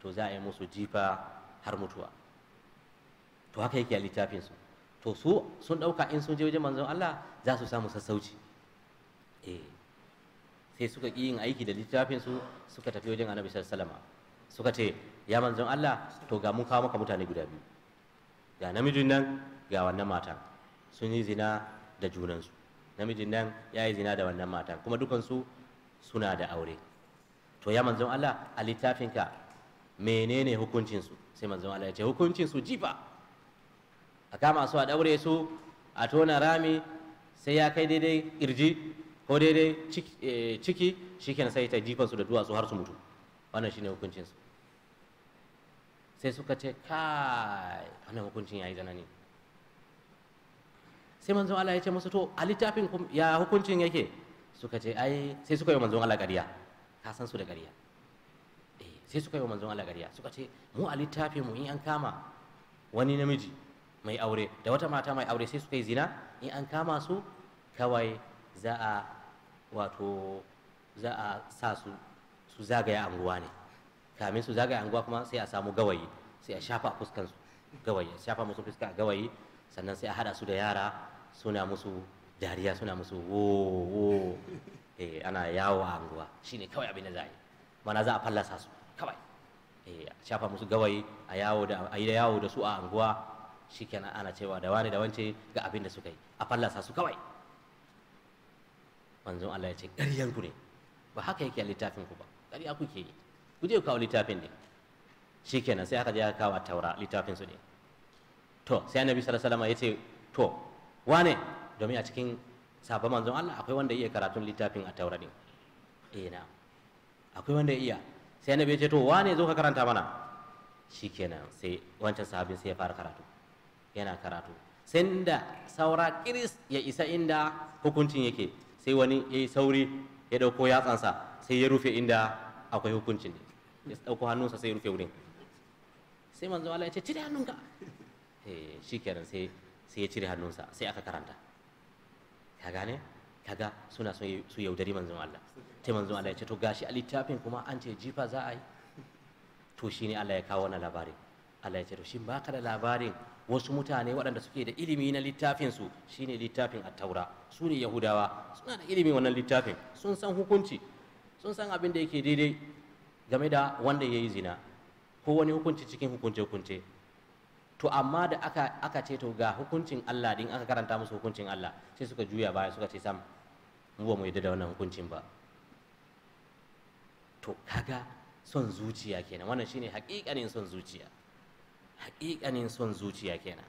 [SPEAKER 1] to za a yi musu jifa har mutuwa to haka yake a littafinsu su to su sun dauka in sun je wajen manzon Allah za su samu sassauci eh sai suka ƙi yin aiki da littafinsu su suka tafi wajen Annabi sallallahu alaihi wasallam suka ce ya manzon Allah to ga mun kawo maka mutane guda biyu ga namijin nan ga wannan matan sun yi zina da junansu namijin nan ya yi zina da wannan matan kuma dukansu suna da aure to ya manzon Allah a littafinka menene hukuncinsu sai manzon Allah ya ce hukuncin su jifa a kama su a daure su a tona rami sai ya kai daidai kirji ko daidai eh, ciki shikenan sai ta jifa su da duwatsu har su mutu wannan shine hukuncin su sai suka ce kai wannan hukuncin yayi zanani sai manzon Allah ya ce musu to a littafin ya hukuncin yake suka ce ai sai suka yi manzon Allah kariya ka san su da kariya sai suka yi wa manzon Allah gariya suka ce mu a littafin mu in an kama wani namiji mai aure da wata mata mai aure sai suka yi zina in an kama su kawai za a wato za a sa su su zagaya anguwa ne kamin su zagaya anguwa kuma sai a samu gawayi sai a shafa fuskan su gawayi a shafa musu fuska gawayi sannan sai a hada su da yara suna musu dariya suna musu wo wo eh ana yawo a anguwa shine kawai abin da za a yi mana za a fallasa su kawai eh a shafa musu gawayi a yawo da a yi da yawo da su a anguwa shikenan ana cewa da wani da wance ga abin da suka yi a fallasa su kawai manzon Allah ya ce ƙaryar ku ne ba haka yake a littafin ku ba ƙarya kuke yi ku je ku kawo littafin ne shikenan sai aka je aka kawo taura littafin su ne to sai annabi sallallahu alaihi wasallam ya ce to wane domin a cikin sabon manzon Allah akwai wanda iya karatun littafin a taura din eh na akwai wanda iya sai annabi ya ce to wane zo ka karanta mana shikenan sai wancan sahabin sai ya fara karatu yana karatu sai da saura kiris ya isa inda hukuncin yake sai wani ya yi sauri ya dauko yatsansa sai ya rufe inda akwai hukuncin ne ya dauko hannunsa sai ya rufe wurin sai manzo Allah ya ce cire hannunka eh shikenan sai sai ya cire hannunsa sai aka karanta ka gane kaga suna so su yaudari manzon Allah sai manzo Allah ya ce to gashi a littafin kuma an ce jifa za a yi to shine Allah ya kawo wannan labarin Allah ya ce to shin baka da labarin wasu mutane waɗanda suke da ilimi na littafin su shine littafin at-taura su ne yahudawa suna da ilimi wannan littafin sun san hukunci sun san abin da yake daidai game da wanda yayi zina ko wani hukunci cikin hukunce hukunce to amma da aka aka ce to ga hukuncin Allah din aka karanta musu hukuncin Allah sai suka juya baya suka ce sam mu ba mu yarda da wannan hukuncin ba to kaga son zuciya kenan wannan shine hakikanin son zuciya hakikanin son zuciya kenan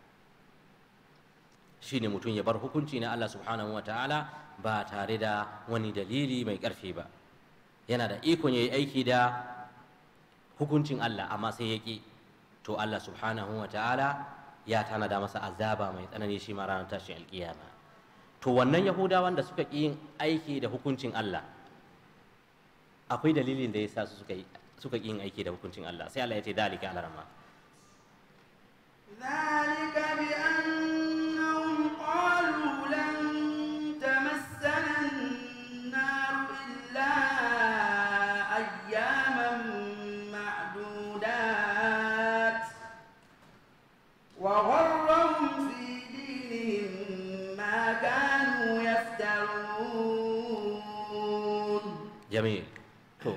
[SPEAKER 1] shine mutum ya bar hukunci na Allah subhanahu wa ba tare da wani dalili mai karfi ba yana da ikon ya aiki da hukuncin Allah amma sai ya ki to Allah subhanahu wa ya tanada masa azaba mai tsanani shi ma ranar tashin alkiyama to wannan yahudawan da suka ƙi yin aiki da hukuncin Allah akwai dalilin da ya sa su suka suka yin aiki da hukuncin Allah sai Allah ya ce dalika alarama.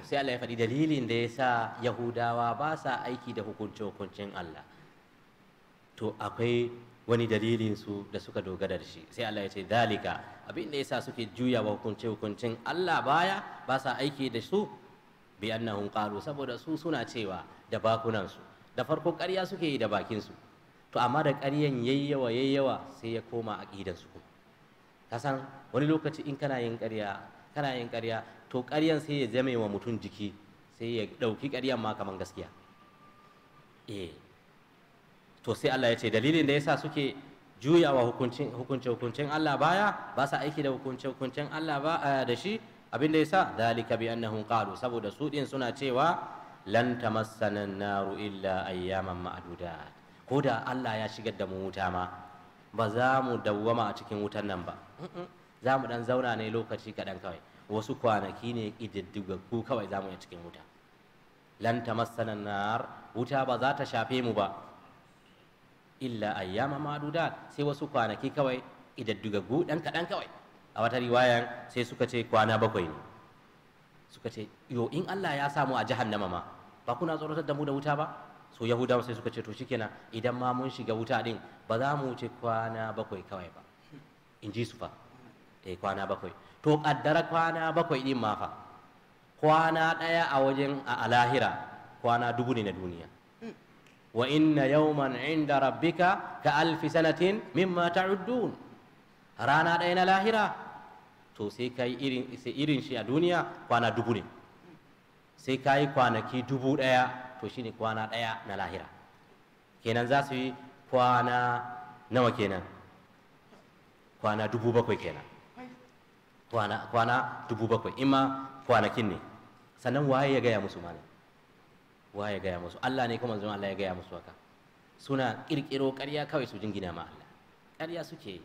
[SPEAKER 1] sai Allah ya faɗi dalilin da ya sa yahudawa ba sa aiki da hukunce-hukuncin Allah to akwai wani dalilin su da suka dogara da shi sai Allah ya ce dalika abin da ya sa suke juya wa hukunce-hukuncin Allah baya ba sa aiki da su bi annahum qalu saboda su suna cewa da bakunan su da farko ƙarya suke yi da bakin su to amma da ƙaryan yayyawa yayyawa sai ya koma aqidan su kasan wani lokaci in kana yin ƙarya kana yin ƙarya to ƙaryan sai ya zame wa mutum jiki sai ya ɗauki ƙaryan ma kamar gaskiya eh to sai Allah ya ce dalilin da ya sa suke juyawa hukuncin hukuncin Allah baya ba sa aiki da hukuncin hukuncin Allah ba eh, da shi abin da yasa dalika bi annahum qalu saboda su din suna cewa lan tamassana naru illa ayyaman ma'duda ko da Allah ya shigar da mu wuta ma ba za mu dawwama a cikin wutan nan ba za mu dan zauna ne lokaci kaɗan kawai wasu kwanaki ne ƙididdigaggu kawai za mu yi cikin wuta lan tamassana nar wuta ba za ta shafe mu ba illa ayyama madudat sai wasu kwanaki kawai ƙididdigaggu ɗan kaɗan kawai a wata riwayan sai suka ce kwana bakwai ne suka ce yo in Allah ya samu a jahannama ma ba kuna tsoratar da mu da wuta ba so yahudawa sai suka ce to shikenan idan ma mun shiga wuta din ba za mu wuce kwana bakwai kawai ba in ji su fa eh kwana bakwai to kaddara kwana bakwai din ma fa kwana daya a wajen a alahira kwana dubu ne na duniya wa inna yawman inda rabbika ka alfi sanatin mimma ta'uddun rana daya na lahira to sai kai irin sai irin shi a duniya kwana dubu ne sai kai kwanaki dubu daya to shine kwana daya na lahira kenan za su yi kwana nawa kenan kwana dubu bakwai kenan kwana kwana dubu bakwai in ma kwanakin ne sannan waye ya gaya musu mana waye ya gaya musu Allah ne kuma zuwa Allah ya gaya musu haka suna kirkiro ƙarya kawai su jingina ma Allah ƙarya suke yi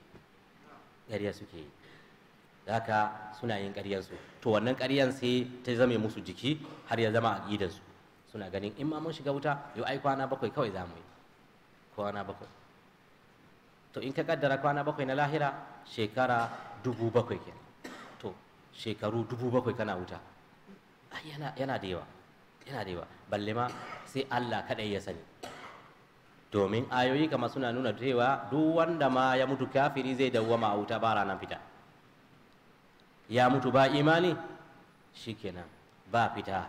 [SPEAKER 1] ƙarya suke yi haka suna yin ƙaryansu to wannan ƙaryan sai ta zame musu jiki har ya zama su suna ganin in ma mun shiga wuta yau ai kwana bakwai kawai za mu yi kwana bakwai to in ka kaddara kwana bakwai na lahira shekara dubu bakwai kenan shekaru dubu bakwai kana wuta yana da yawa yana da yawa balle ma sai Allah kadai ya sani domin ayoyi kama suna nuna cewa duk wanda ma ya mutu kafiri zai dawwama a wuta ba ranar fita ya mutu ba imani shikenan ba fita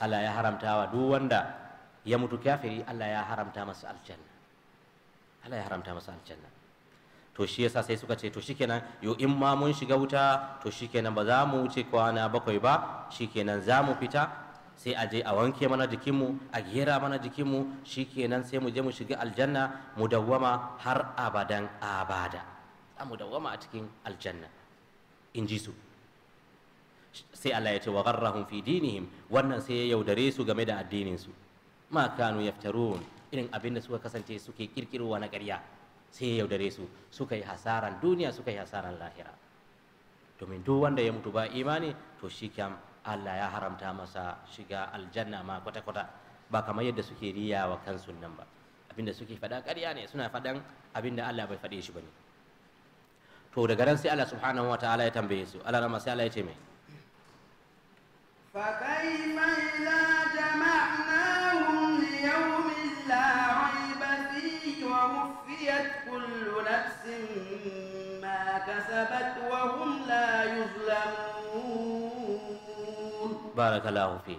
[SPEAKER 1] Allah ya haramta wa duk wanda ya mutu kafiri Allah ya haramta masa aljanna Allah ya haramta masa aljanna to shi yasa sai suka ce to shikenan yo in ma mun shiga wuta to shikenan ba za mu wuce kwana bakwai ba shikenan za mu fita sai a je a wanke mana jikinmu a gera mana jikinmu shikenan sai mu je mu shiga aljanna mu dawwama har abadan abada za mu dawwama a cikin aljanna in ji su sai Allah ya ce wa gharrahum fi dinihim wannan sai ya yaudare su game da addinin su ma kanu yaftarun irin abin da suka kasance suke kirkirowa na ƙarya sai ya yaudare su suka yi hasaran duniya suka yi hasaran lahira domin duk wanda ya mutu ba imani to shi kam Allah ya haramta masa shiga aljanna ma kwata-kwata ba kamar yadda suke riya wa kansu nan ba abinda suke faɗa ƙarya ne suna faɗan abinda Allah bai faɗe shi ba ne to daga ran sai Allah subhanahu wa ta'ala ya tambaye su Allah na sai Allah ya ce mai
[SPEAKER 2] mai la
[SPEAKER 1] lahu fi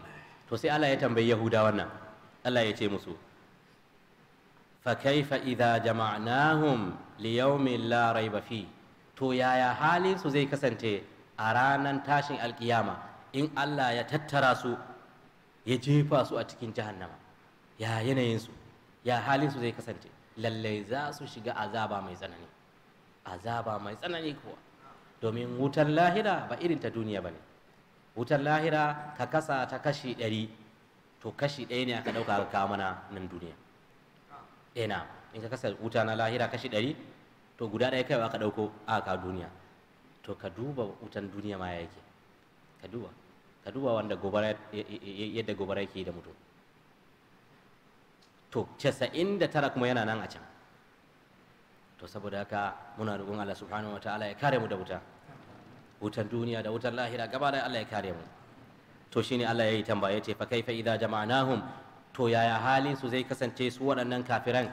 [SPEAKER 1] to sai Allah ya tambayi yahuda wannan Allah ya ce musu fa kaifa idza jama'nahum li yawmin la rayba fi to yaya halin su zai kasance a ranan tashin alkiyama in Allah ya tattara su ya jefa su a cikin jahannama ya yanayin su ya halin su zai kasance lallai za su shiga azaba mai tsanani azaba mai tsanani kuwa domin wutar lahira ba irin ta duniya bane wutar lahira ka kasa ta kashi ɗari to kashi ɗaya ne aka ɗauka ka kawo mana nan duniya ina eh, in ka kasa wuta na lahira kashi ɗari to guda ɗaya kaiwa aka ɗauko aka kawo duniya to ka duba wutan duniya ma yake ka duba ka duba wanda gobara yadda gobara yake da mutum to casa'in da tara kuma yana nan a can to saboda haka muna roƙon Allah subhanahu wa ta'ala ya kare mu da wuta wutan duniya da wutan lahira gaba da Allah ya kare mu to shine Allah ya yi tambaya ce fa kaifa idza jama'nahum to yaya halin su zai kasance su waɗannan kafiran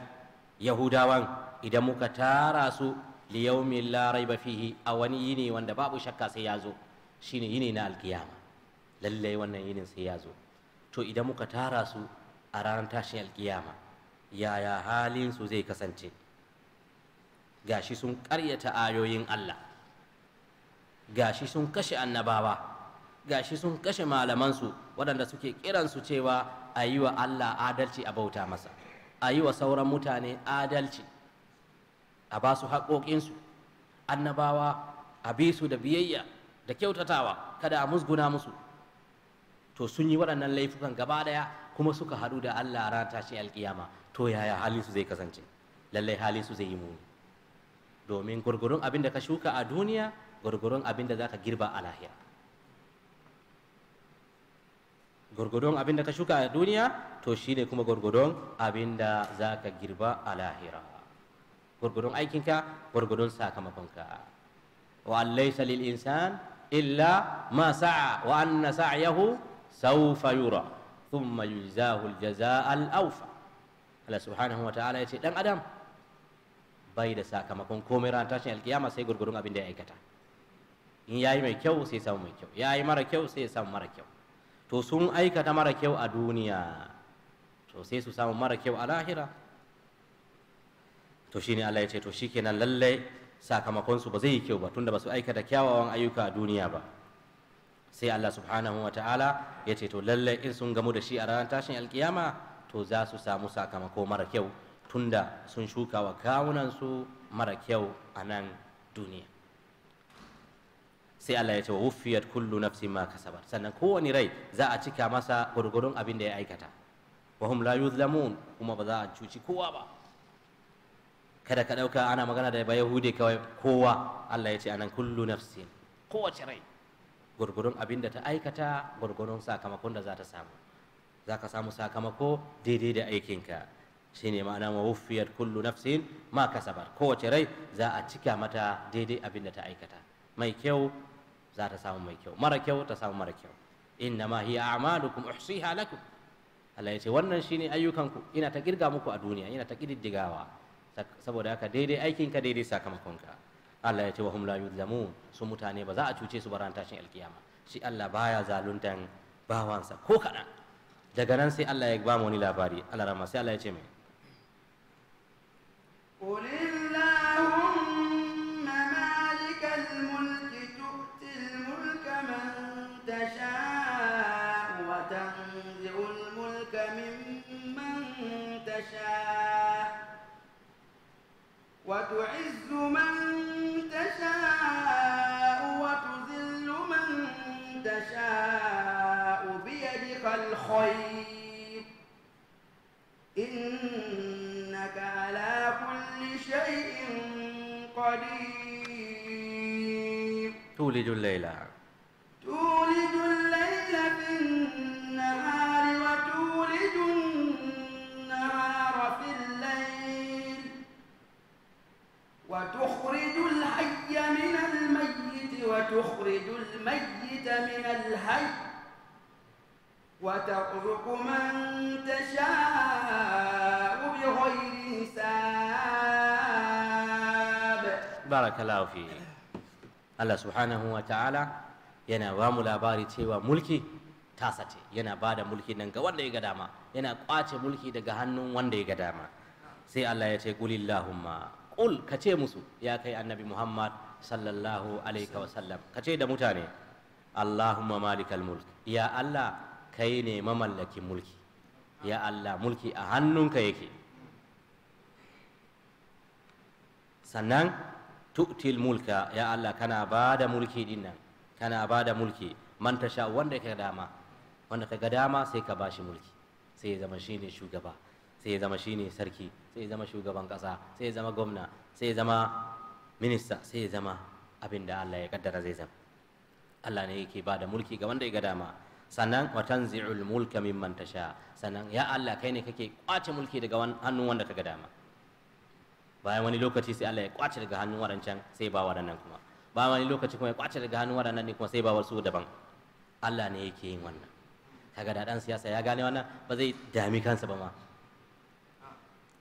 [SPEAKER 1] yahudawan idan muka tara su li yawmin la raiba fihi a wani yini wanda babu shakka sai ya zo shine yini na alkiyama lallai wannan yinin sai ya zo to idan muka tara su a ranar tashin alkiyama yaya halin su zai kasance gashi sun ƙaryata ayoyin Allah gashi sun kashe annabawa gashi sun kashe malamansu waɗanda suke kiransu cewa a yi wa Allah adalci a bauta masa a yi wa sauran mutane adalci a ba su haƙoƙinsu annabawa a bi su da biyayya da kyautatawa kada a musguna musu to sun yi waɗannan laifukan gaba ɗaya kuma suka haɗu da Allah ran tashin alkiyama to yaya halin su zai kasance lallai halin su zai yi muni domin gurgurun abin da ka shuka a duniya gwargwaron abinda da za ka girba a lahira gwargwadon abinda ka shuka a duniya to shine kuma gwargwadon abinda zaka za ka girba a lahira gwargwadon aikinka gwargwadon sakamakonka wa allaisa lil insan illa ma sa'a wa anna sa'yahu sawfa yura thumma yujzahu al jazaa al awfa Allah subhanahu wa ta'ala yace dan adam bai da sakamakon komai ran tashin alkiyama sai gwargwadon abin ya aikata in yi mai kyau sai samu mai kyau yayi mara kyau sai samu mara kyau to sun aikata mara kyau a duniya to sai su samu mara kyau a lahira to shine Allah ya ce to shikenan lalle sakamakon su ba zai yi kyau ba tunda ba su aikata kyawawan ayyuka a duniya ba sai Allah subhanahu wa ta'ala ya ce to lalle in sun gamu da shi a ranar tashin alkiyama to za su samu sakamako mara kyau tunda sun shuka wa kawunansu mara kyau a nan duniya sai Allah ya ce wa wuffiyat kullu nafsin ma kasabat sannan kowane rai za a cika masa gurgurun abin da ya aikata wa hum la yuzlamun kuma ba za a cuci kowa ba kada ka ɗauka ana magana da ba yahudi kawai kowa Allah ya ce anan kullu nafsin kowace rai gurgurun abin da ta aikata gurgurun sakamakon da za ta samu za ka samu sakamako daidai da aikinka shine ma'ana wa wuffiyat kullu nafsin ma kasabat kowace rai za a cika mata daidai abin da ta aikata mai kyau za ta samu mai kyau mara kyau ta samu mara kyau inna ma hiya a'malukum uhsiha lakum Allah ya ce wannan shine ayyukanku ina ta kirga muku a duniya ina ta kididdigawa saboda haka daidai aikin ka daidai sakamakonka Allah ya ce wa hum la yuzlamun su mutane ba za a cuce su ba ran tashin alkiyama shi Allah baya zaluntan bawansa ko kaɗan daga nan sai Allah ya ba mu wani labari Allah rama sai Allah ya ce mai
[SPEAKER 2] وتعز من تشاء وتذل من تشاء بيدك الخير إنك على كل شيء قدير
[SPEAKER 1] تولج الليل
[SPEAKER 2] تخرج الميت من الحي وترزق من تشاء بغير حساب
[SPEAKER 1] بارك الله فيك الله سبحانه وتعالى yana ba mu labari cewa mulki ta sace yana ba da mulki nan ga wanda ya ga dama yana kwace mulki daga hannun wanda ya ga dama sai Allah ya ce qulillahumma qul ka ce musu ya kai annabi Muhammad sallallahu alaihi wasallam ka ce da mutane allahumma malikal mulk ya allah kai ne mamallakin mulki ya allah mulki a hannunka yake sannan tu'til mulka ya allah kana ba da mulki dinnan kana ba da mulki man tasha wanda ka dama wanda ka ga dama sai ka bashi mulki sai ya zama shine shugaba sai ya zama shine sarki sai ya zama shugaban ƙasa, sai ya zama gwamna sai ya zama minista sai ya zama abin da Allah ya kaddara zai zama Allah ne yake ba da mulki ga wanda ya ga dama sannan wa tanzi'ul mulka mimman tasha sannan ya Allah kai ne kake kwace mulki daga hannun wanda ka ga dama bayan wani lokaci sai Allah ya kwace daga hannun waɗancan sai ba waɗannan kuma bayan wani lokaci kuma ya kwace daga hannun waɗannan ne kuma sai ba wasu daban Allah ne yake yin wannan kaga da dan siyasa ya gane wannan ba zai dami kansa ba ma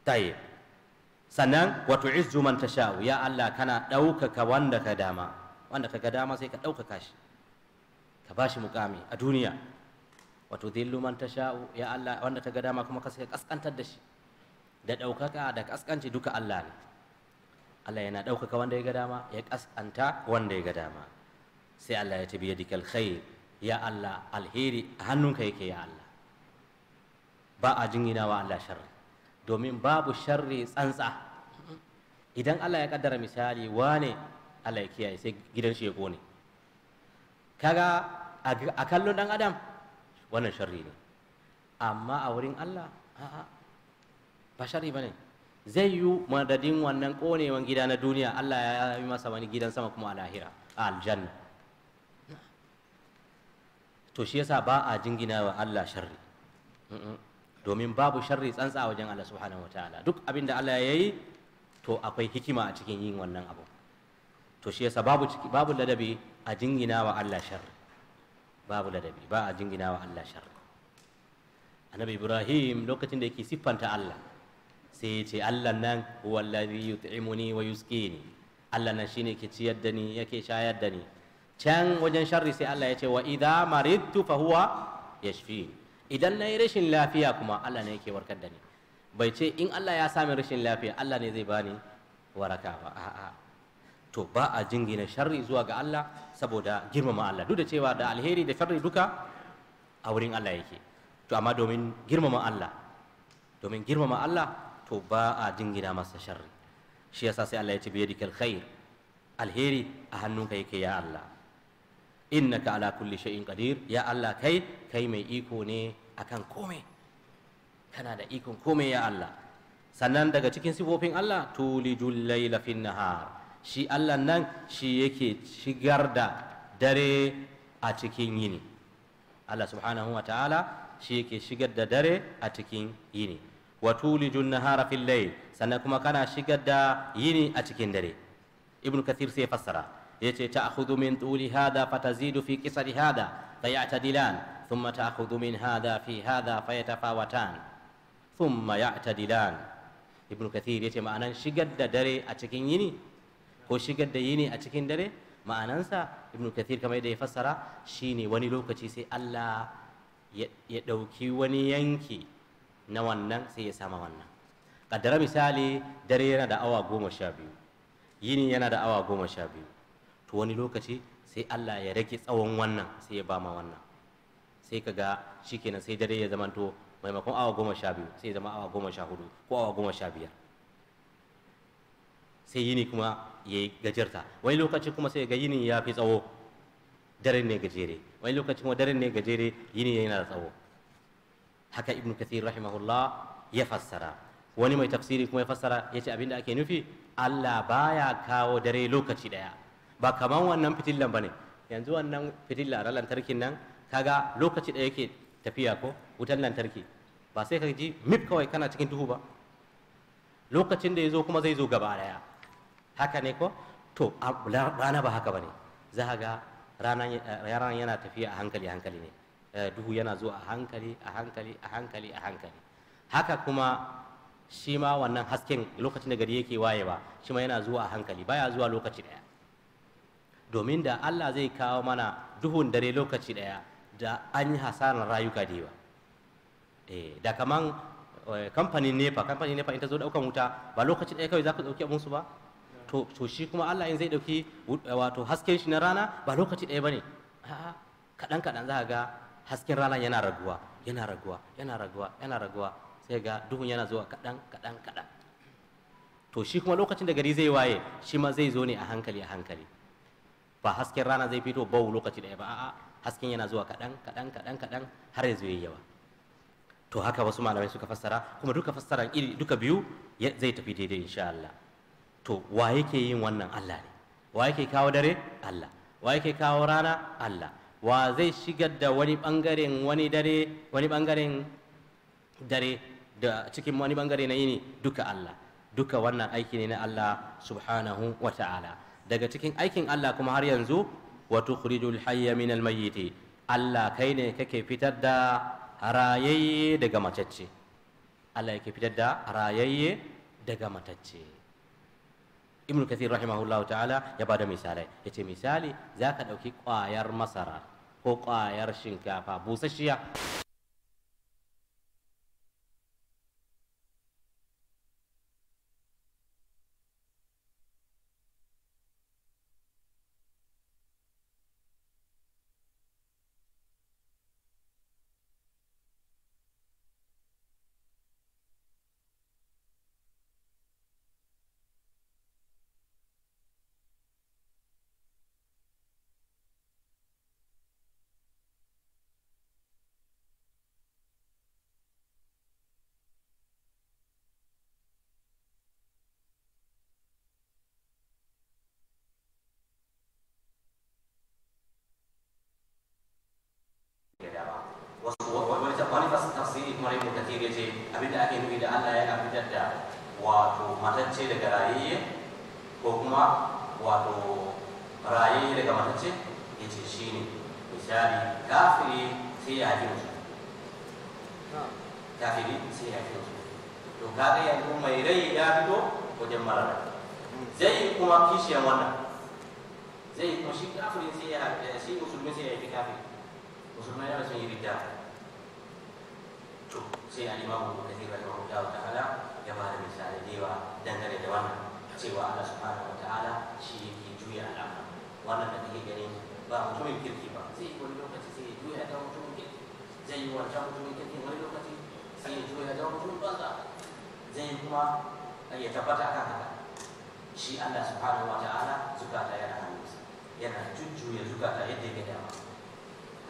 [SPEAKER 1] tayyib sannan wa tu'izzu man tasha'u ya Allah kana ɗaukaka wanda ka dama wanda ka ga dama sai ka ɗaukaka shi ka bashi mukami a duniya wa tudhillu man tasha'u ya Allah wanda ka ga dama kuma ka sai kaskantar da shi da ɗaukaka da kaskanci duka Allah ne Allah yana ɗaukaka wanda ya ga dama ya kaskanta wanda ya ga dama sai Allah ya tabi yadika alkhair ya Allah alheri a hannunka yake ya Allah ba a jingina Allah sharri domin babu sharri tsantsa idan Allah ya kaddara misali wane Allah ya kiyaye sai gidan shi ya kone kaga a kallon dan adam wannan sharri ne amma a wurin Allah a'a ba sharri bane zai yi madadin wannan konewan gida na duniya Allah ya yi masa wani gidan sama kuma a lahira a aljanna to shi yasa ba a jingina wa Allah sharri domin babu sharri tsantsa wajen Allah subhanahu wataala duk abin da Allah ya yi to akwai hikima a cikin yin wannan abu to shi yasa babu ciki babu ladabi a jingina wa Allah sharri babu ladabi ba a jingina wa Allah sharri annabi Ibrahim lokacin da yake siffanta Allah sai ya ce Allah nan huwa allazi yut'imuni wa yuskini Allah nan shine yake ciyar da ni yake shayar da ni can wajen sharri sai Allah ya ce wa idha maridtu fa huwa yashfini idan na yi rashin lafiya kuma Allah ne yake warkar da ni bai ce in Allah ya sami rashin lafiya Allah ne zai bani waraka ba a'a to ba a jingina sharri zuwa ga Allah saboda girmama Allah duk da cewa da alheri da sharri duka a wurin Allah yake to amma domin girmama Allah domin girmama Allah to ba a jingina masa sharri shi yasa sai Allah ya ce biyadikal khair alheri a hannunka yake ya Allah innaka ala kulli shay'in qadir ya Allah kai kai mai iko ne akan komai kana da ikon komai ya Allah sannan daga cikin sifofin Allah tulijul layla fin nahar shi Allah nan shi yake shigar da dare a cikin yini Allah subhanahu wa ta'ala shi yake shigar da dare a cikin yini wa tulijul nahara fil layl sannan kuma kana shigar da yini a cikin dare ibnu kathir sai fassara yace ta'khudhu min tuli hadha fatazidu fi qisari hadha fayatadilan thumma ta'khudhu min hadha fi hadha fayatafawatan thumma ya'tadilan ibn kathir yace ma'anan shigar da dare a cikin yini ko shigar da yini a cikin dare ma'anansa ibn kathir kamar yadda ya fassara shine wani lokaci sai Allah ya ɗauki wani yanki na wannan sai ya sama wannan kaddara misali dare yana da awa goma sha biyu yini yana da awa goma sha biyu to wani lokaci sai Allah ya rage tsawon wannan sai ya bama wannan sai ka ga shikenan sai dare ya zamanto maimakon awa goma sha biyu sai ya zama awa goma sha hudu ko awa goma sha biyar sai yini kuma ya yi gajarta wani lokaci kuma sai ga yini ya fi tsawo daren ne gajere wani lokaci kuma dare ne gajere yini yana da tsawo haka ibnu kathir rahimahullah ya fassara wani mai tafsiri kuma ya fassara ya ce abinda ake nufi allah baya kawo dare lokaci daya ba kaman wannan fitillan ne yanzu wannan fitilla a lantarkin nan kaga lokaci da yake tafiya ko wutan lantarki ba sai ka ji mip kawai kana cikin duhu ba lokacin da ya zo kuma zai zo gaba daya haka ne ko to rana ba haka ba ne za ga eh, rana yana tafiya a hankali hankali ne eh, duhu yana zuwa a hankali a hankali a hankali a hankali haka kuma shi ma wannan hasken lokacin da gari yake wayewa shi ma yana zuwa a hankali baya zuwa lokaci daya domin da Allah zai kawo mana duhun dare lokaci daya da an yi hasarar rayuka da yawa eh, da kaman eh, kamfanin nefa kamfanin nefa in ta zo daukan wuta ba lokaci daya kawai za ku dauki abinsu ba to shi kuma Allah in zai dauki eh, wato hasken shi na rana ba lokaci daya ba ne kadan kadan za ga hasken rana yana raguwa yana raguwa yana raguwa yana raguwa sai ga duhun yana zuwa kadan kadan kadan to shi kuma lokacin da gari zai waye shi ma zai zo ne a hankali a hankali ba hasken rana zai fito bau lokaci ɗaya ba a'a hasken yana zuwa kaɗan kaɗan kaɗan kaɗan har ya zo yawa to haka wasu malamai suka fassara kuma duka fassaran iri duka biyu zai tafi daidai insha Allah to wa yake yin wannan Allah ne wa yake kawo dare Allah wa yake kawo rana Allah wa zai shigar da wani bangaren wani dare wani bangaren dare da cikin wani bangare na yini duka Allah duka wannan aiki ne na Allah subhanahu wa ta'ala daga cikin aikin Allah kuma har yanzu wa tukhrijul hayya min al mayyiti Allah kai ne kake fitar da rayayye daga matacce Allah yake fitar da rayayye daga matacce Ibn Kathir rahimahullahu ta'ala ya bada misalai yace misali zaka dauki kwayar masara ko kwayar shinkafa busasshiya yana jujjuya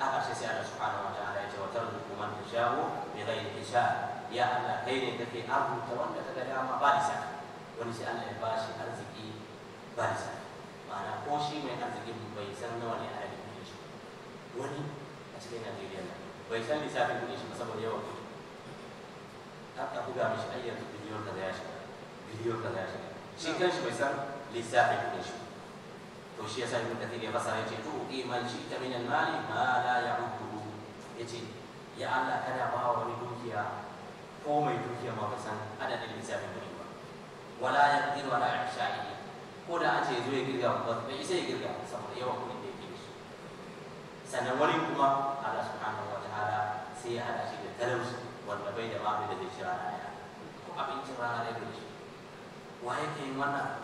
[SPEAKER 1] a ƙarshe sai Allah subhanahu wa ta'ala ya ce wa tarzuqu man tashaa'u bi ghairi hisab ya Allah kai ne kake arzuta wanda ka gada ma ba isa wani sai Allah ya bashi arziki ba isa ma'ana ko shi mai arzikin bai san nawa ne wani a cikin Najeriya bai san lissafin kuɗin shi ba saboda yawan kuɗi har ka buga mishi ai yanzu biliyon kaza ya shiga biliyon ya shiga shi bai san lissafin kuɗin shi to shi yasa ibn kathir ya fasara yace tu iman shi ta min al-mali ma la ya'uddu yace ya Allah kada ba wani dukiya ko mai dukiya ma san adadin lissafin kuɗi ba wala yaqdir wala ihsha'i ko da ace zo ya girga ba bai isa ya girga saboda yawan kuɗi da yake shi sannan wani kuma Allah subhanahu wataala sai ya hada shi da talauci wanda bai da ma da zai shi rana ya ko abincin rana da shi wa yake yin wannan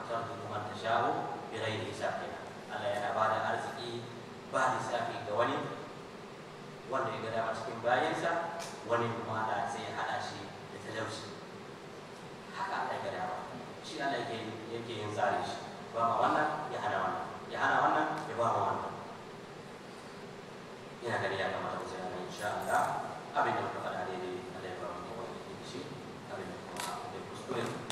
[SPEAKER 1] wata kuma ta shawo bi ghairi Allah yana ba da arziki ba lissafi ga wani wanda ya gada cikin bayansa wani kuma Allah sai ya hada shi da talauci haka Allah ya gada shi Allah yake yin shi ba ma wannan ya hana wannan ya hana wannan ya ba ma wannan ina gani ya kamata mu zama insha Allah abin da muka faɗa daidai Allah ya ba mu da shi abin da kuma da kuskure